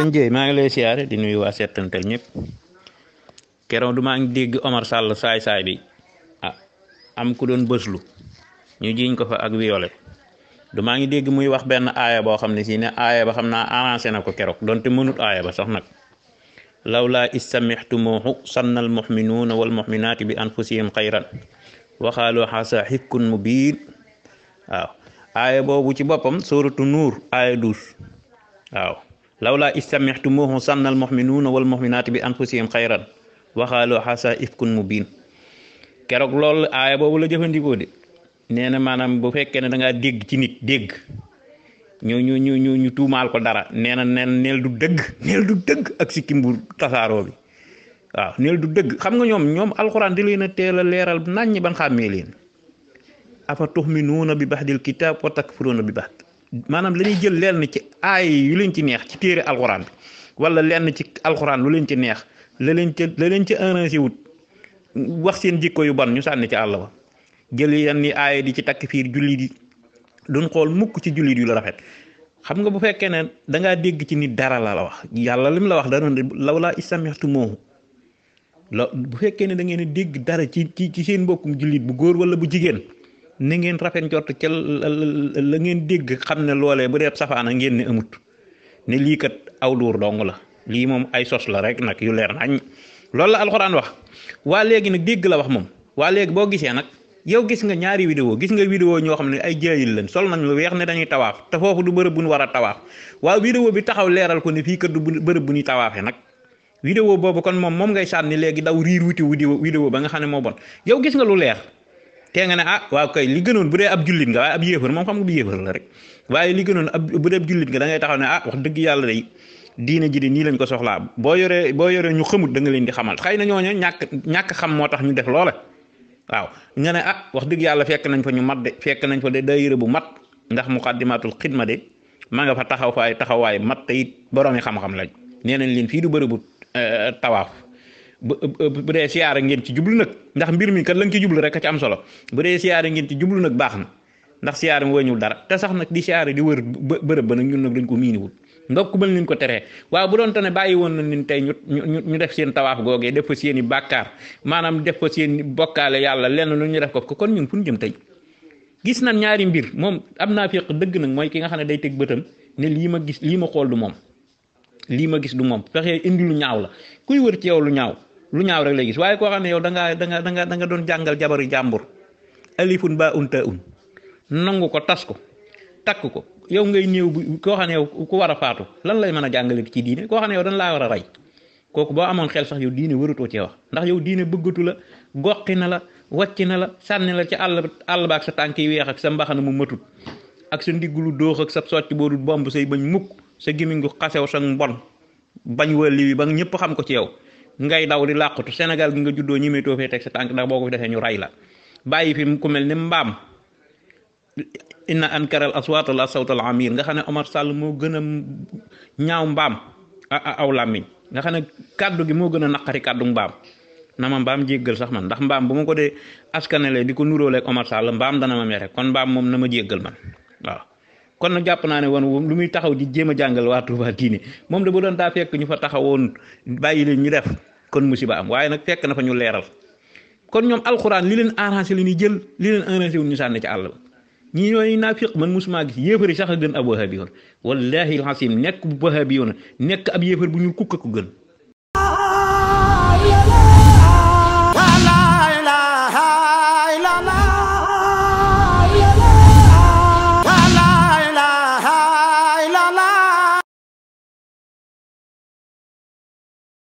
sëñ Dieye maa ngi lay siyaare di nuyu waa Setantal ñëpp keroog du maa ngi dégg Omar Sall saay-saay bi ah, am ku doon bëslu ñu jiiñ ko fa ak violé du maa ngi dégg muy wax benn aaya boo xam ne si ne aaya ba xam na arrangé na ko keroog donte mënut aaya ba sax nag lawlaa istamixtumuuhu sannal muxminuuna wal muxminaati bi anfusihim xayran waxaaloo xaasa xikkun mubiin waaw aaya boobu ci boppam sóoratu nuur aaya douze waaw lawlaa mi sannal muxminuuna wal muxminaati bi anfusihim xayran waxaaloo xasa ifkun mu biin keroog lool aaya boobu la jëfandikoo de nee na maanaam bu fekkee ne dangaa dégg ci nit dégg ñu ñu ñu ñu tuumaal ko dara nee na nen neel du dëgg neel du dëgg ak sikkim bu tasaaroo bi waaw neel du dëgg xam nga ñoom ñoom alxuraan di leen a teel a leeral nañ ñi ban xàmmee leen afa tuxminuuna bi baxdil kitaab wa takfuruuna bi baxd maanaam la jël lenn ci aay yu leen ci neex ci téere alxuraan bi wala lenn ci alxuraan lu leen ci neex la leen ca la leen wut wax seen jikko yu ban ñu sànni ci àll ba jël yenn ni aay di ci takk fiir jullit yi duñ xool mukk ci jullit yu la rafet xam nga bu fekkee ne da dégg ci nit dara la la wax yàlla lim la wax dana law laa istamextu moomu la bu fekkee ne da ngeen dégg dara ci ci ci seen mbokkum jullit bu góor wala bu jigéen. ni ngeen rafet njort ca la ngeen dégg xam ne loolee bu dee safaana ngeen ne amut ne lii kat aw luur dong la lii moom ay sos la rek nag yu leer na añ loolu la alxuraan wax waa léegi nag dégg la wax moom waa léegi boo gisee nag yow gis nga ñaari vidéo gis nga vidéo ñoo xam ne ay jaayil lañ sol nañ lu weex ne dañuy tawaaf te foofu du bërëb bu ñu war a tawaaf waaw vidéo bi taxaw leeral ko ne fii kat du bërëb bu ñuy tawaafee nag vidéo boobu kon moom moom ngay sànni léegi daw riir wuti vidéo ba nga xam ne moo bon yow gis nga lu leer tee nga ne ah waa kay li gënoon bu dee ab jullit nga waaye ab yéefar moom xam nga bu yéefar la rek waaye li gënoon ab bu dee ab jullit nga da ngay taxaw ne ah wax dëgg yàlla day diine ji de nii lañ ko soxlaa boo yore boo yore ñu xamut danga leen di xamal xëy nañoo ñooñu ñàkk ñàkk xam moo tax ñu def loola waaw nga ne ah wax dëgg yàlla fekk nañ fa ñu mat de fekk nañ fa de daayira bu mat ndax mu muqaddimatul xidma de ma nga fa taxaw faay taxawaay mat te it boroomi xam-xam lañ nee nañ leen fii du bërëbu eh, tawaaf bu dee siyaara ngeen ci jublu nag ndax mbir mi kan la ci jublu rek a ci am solo bu dee siyaara ngeen ci jublu nag baax na ndax siyaara mi wëñul dara te sax nag di siyaara di wër bërëb ba nag ñun nag dañ ko miiniwul ndokk mën nañ ko teree waaw bu doon te ne bàyyi woon na nin tey ñu ñu ñu def seen tawaaf googee def fa seen i bàkkaar maanaam def fa seen bokkaale yàlla lenn lu ñu def ko kon ñun fu ñu jëm tey gis nañ ñaari mbir moom am naa fiq dëgg nag mooy ki nga xam ne day teg bëtam ne lii ma gis lii ma xool du moom lii ma gis du moom fexe indi lu ñaaw la kuy wër ci yow lu ñaaw lu ñaaw rek lay gis waaye koo xam ne yow da ngaa da nga da doon jàngal jabaru jàmbur alifun ba un un nangu ko tas ko takk ko yow ngay néew bu koo xam ne yow ku war a faatu lan lay mën a jàngale ci diine koo xam ne yow dañ laa war a rey kooku boo amoon xel sax yow diine waratoo cee wax ndax yow diine bëggatu la goqi na la wacc na la sànni la ci àll àll ba ak sa tànk yi weex ak sa mbaxana mu matut ak sa ndiggulu dóox ak sa socc boo dul bomb say bañ mukk sa gémmiñ gu xasew sa mbon bañ wàlli wi ba ñëpp xam ko ci yow ngay daw di làqutu senegal gi nga juddoo ñimétoo fee teg sa tànk ndax boo ko fi defee ñu ray la bàyyi fi ku mel ni mbaam inna ankaral aswaat la sawtal amir nga xam ne Omar Sall moo gën a ñaaw mbaam aw làmmiñ nga xam ne kàddu gi moo gën a naqari kàddu mbaam na ma mbaam jéggal sax man ndax mbaam bu ma ko dee askanale di ko nuróoleeg Omar Sall mbaam dana ma mere kon mbaam moom na ma jéggal man waaw kon na jàpp naa ne woon lu muy taxaw di jéem a jàngal waa moom de doon daa ñu fa taxawoon bàyyi leen ñu def kon musiba am waaye nag fekk na fa ñu leeral kon ñoom alxuraan li leen arrangé li ñuy jël li leen arrangé wu ñu sànni ci àll ba ñi ñooy naafiq man musuma gis yéefari sax a gën ab wahabi yoon wallahi alxasim nekk bu wahabi yoon nekk ab yéefar bu ñu kukk a ko gën